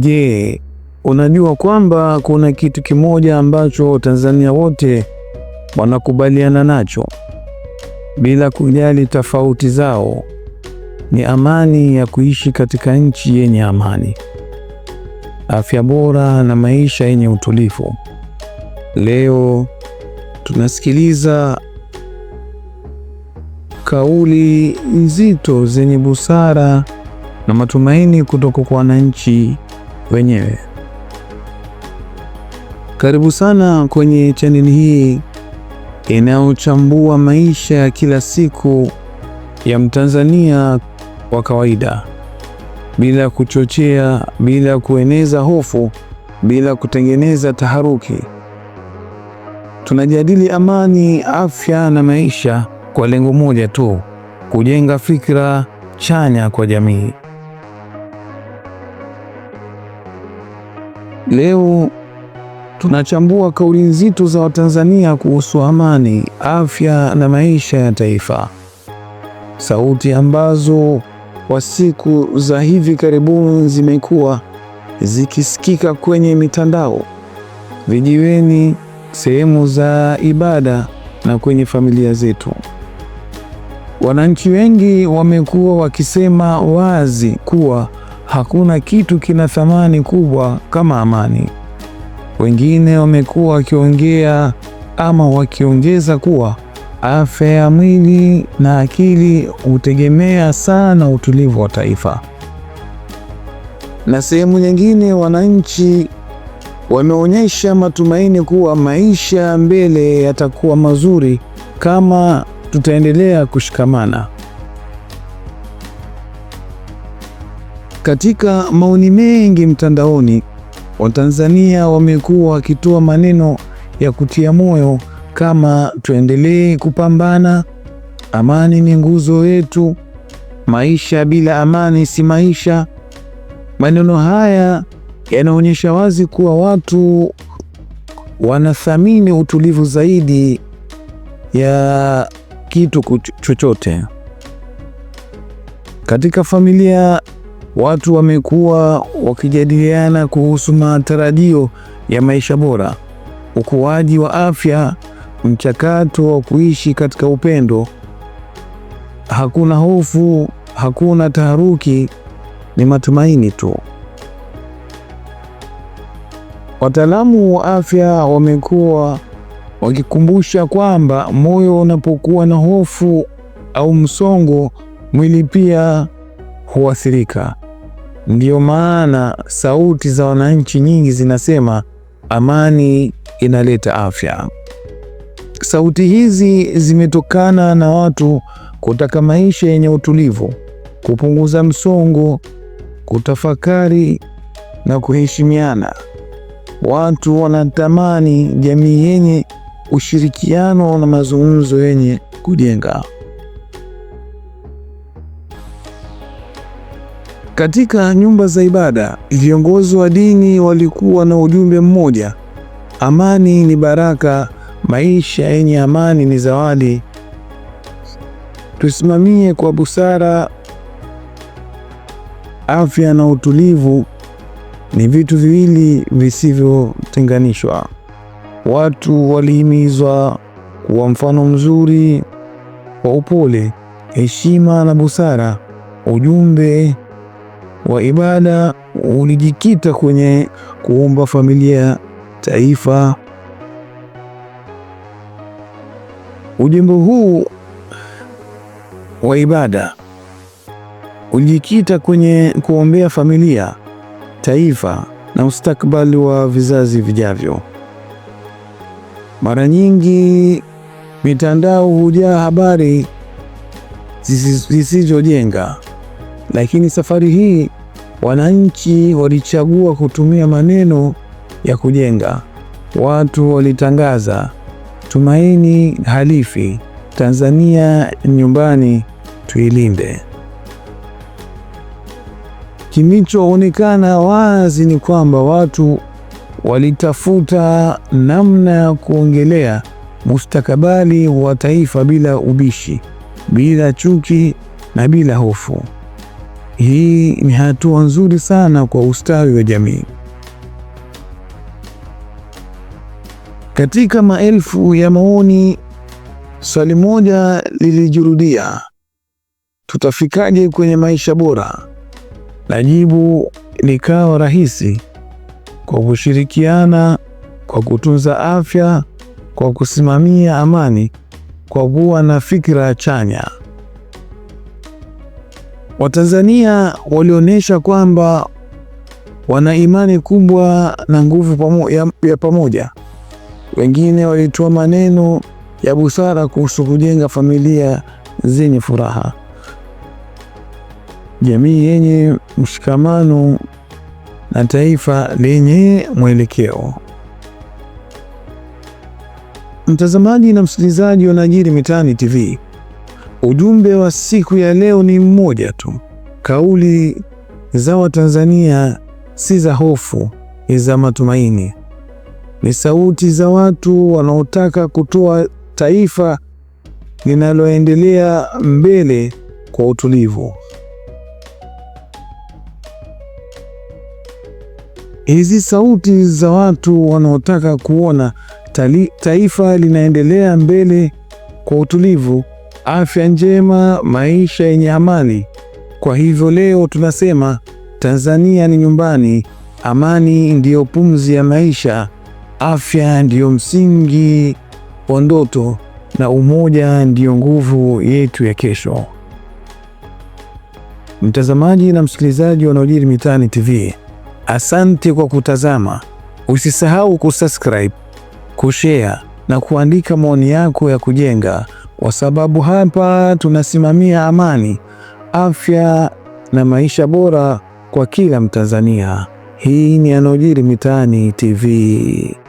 Je, unajua kwamba kuna kitu kimoja ambacho Tanzania wote wanakubaliana nacho bila kujali tofauti zao? Ni amani ya kuishi katika nchi yenye amani, afya bora na maisha yenye utulivu. Leo tunasikiliza kauli nzito zenye busara na matumaini kutoka kwa wananchi wenyewe. Karibu sana kwenye chaneli hii inayochambua maisha ya kila siku ya Mtanzania wa kawaida bila kuchochea, bila kueneza hofu, bila kutengeneza taharuki. Tunajadili amani, afya na maisha kwa lengo moja tu, kujenga fikra chanya kwa jamii. Leo tunachambua kauli nzito za Watanzania kuhusu amani, afya na maisha ya taifa, sauti ambazo kwa siku za hivi karibuni zimekuwa zikisikika kwenye mitandao, vijiweni, sehemu za ibada na kwenye familia zetu. Wananchi wengi wamekuwa wakisema wazi kuwa Hakuna kitu kina thamani kubwa kama amani. Wengine wamekuwa wakiongea ama wakiongeza kuwa afya ya mwili na akili hutegemea sana utulivu wa taifa. Na sehemu nyingine, wananchi wameonyesha matumaini kuwa maisha mbele yatakuwa mazuri kama tutaendelea kushikamana. Katika maoni mengi mtandaoni, Watanzania wamekuwa wakitoa maneno ya kutia moyo kama tuendelee kupambana, amani ni nguzo yetu, maisha bila amani si maisha. Maneno haya yanaonyesha wazi kuwa watu wanathamini utulivu zaidi ya kitu chochote. Katika familia watu wamekuwa wakijadiliana kuhusu matarajio ya maisha bora, ukuaji wa afya, mchakato wa kuishi katika upendo. Hakuna hofu, hakuna taharuki, ni matumaini tu. Wataalamu wa afya wamekuwa wakikumbusha kwamba moyo unapokuwa na hofu au msongo, mwili pia huathirika. Ndiyo maana sauti za wananchi nyingi zinasema amani inaleta afya. Sauti hizi zimetokana na watu kutaka maisha yenye utulivu, kupunguza msongo, kutafakari na kuheshimiana. Watu wanatamani jamii yenye ushirikiano na mazungumzo yenye kujenga. Katika nyumba za ibada, viongozi wa dini walikuwa na ujumbe mmoja: amani ni baraka, maisha yenye amani ni zawadi. Tusimamie kwa busara. Afya na utulivu ni vitu viwili visivyotenganishwa. Watu walihimizwa kuwa mfano mzuri kwa upole, heshima na busara. Ujumbe wa ibada ulijikita kwenye kuomba familia, taifa. Ujumbe huu wa ibada ulijikita kwenye kuombea familia, taifa na mustakabali wa vizazi vijavyo. Mara nyingi mitandao hujaa habari zisizojenga, lakini safari hii Wananchi walichagua kutumia maneno ya kujenga. Watu walitangaza tumaini halifi, Tanzania nyumbani, tuilinde. Kilichoonekana wazi ni kwamba watu walitafuta namna ya kuongelea mustakabali wa taifa bila ubishi, bila chuki na bila hofu. Hii ni hatua nzuri sana kwa ustawi wa jamii. Katika maelfu ya maoni, swali moja lilijirudia: tutafikaje kwenye maisha bora? Na jibu likawa rahisi: kwa kushirikiana, kwa kutunza afya, kwa kusimamia amani, kwa kuwa na fikra chanya. Watanzania walionyesha kwamba wana imani kubwa na nguvu pamo, ya, ya pamoja. Wengine walitoa maneno ya busara kuhusu kujenga familia zenye furaha, jamii yenye mshikamano na taifa lenye mwelekeo. Mtazamaji na msikilizaji wa yanayojiri mitaani TV. Ujumbe wa siku ya leo ni mmoja tu. Kauli za Watanzania si za hofu, ni za matumaini. Ni sauti za watu wanaotaka kutoa taifa linaloendelea mbele kwa utulivu. Hizi sauti za watu wanaotaka kuona taifa linaendelea mbele kwa utulivu afya njema, maisha yenye amani. Kwa hivyo leo tunasema Tanzania ni nyumbani, amani ndiyo pumzi ya maisha, afya ndiyo msingi wa ndoto, na umoja ndiyo nguvu yetu ya kesho. Mtazamaji na msikilizaji yanayojiri mitaani TV, asante kwa kutazama. Usisahau kusubscribe, kushare na kuandika maoni yako ya kujenga kwa sababu hapa tunasimamia amani, afya na maisha bora kwa kila Mtanzania. Hii ni Yanayojiri Mitaani TV.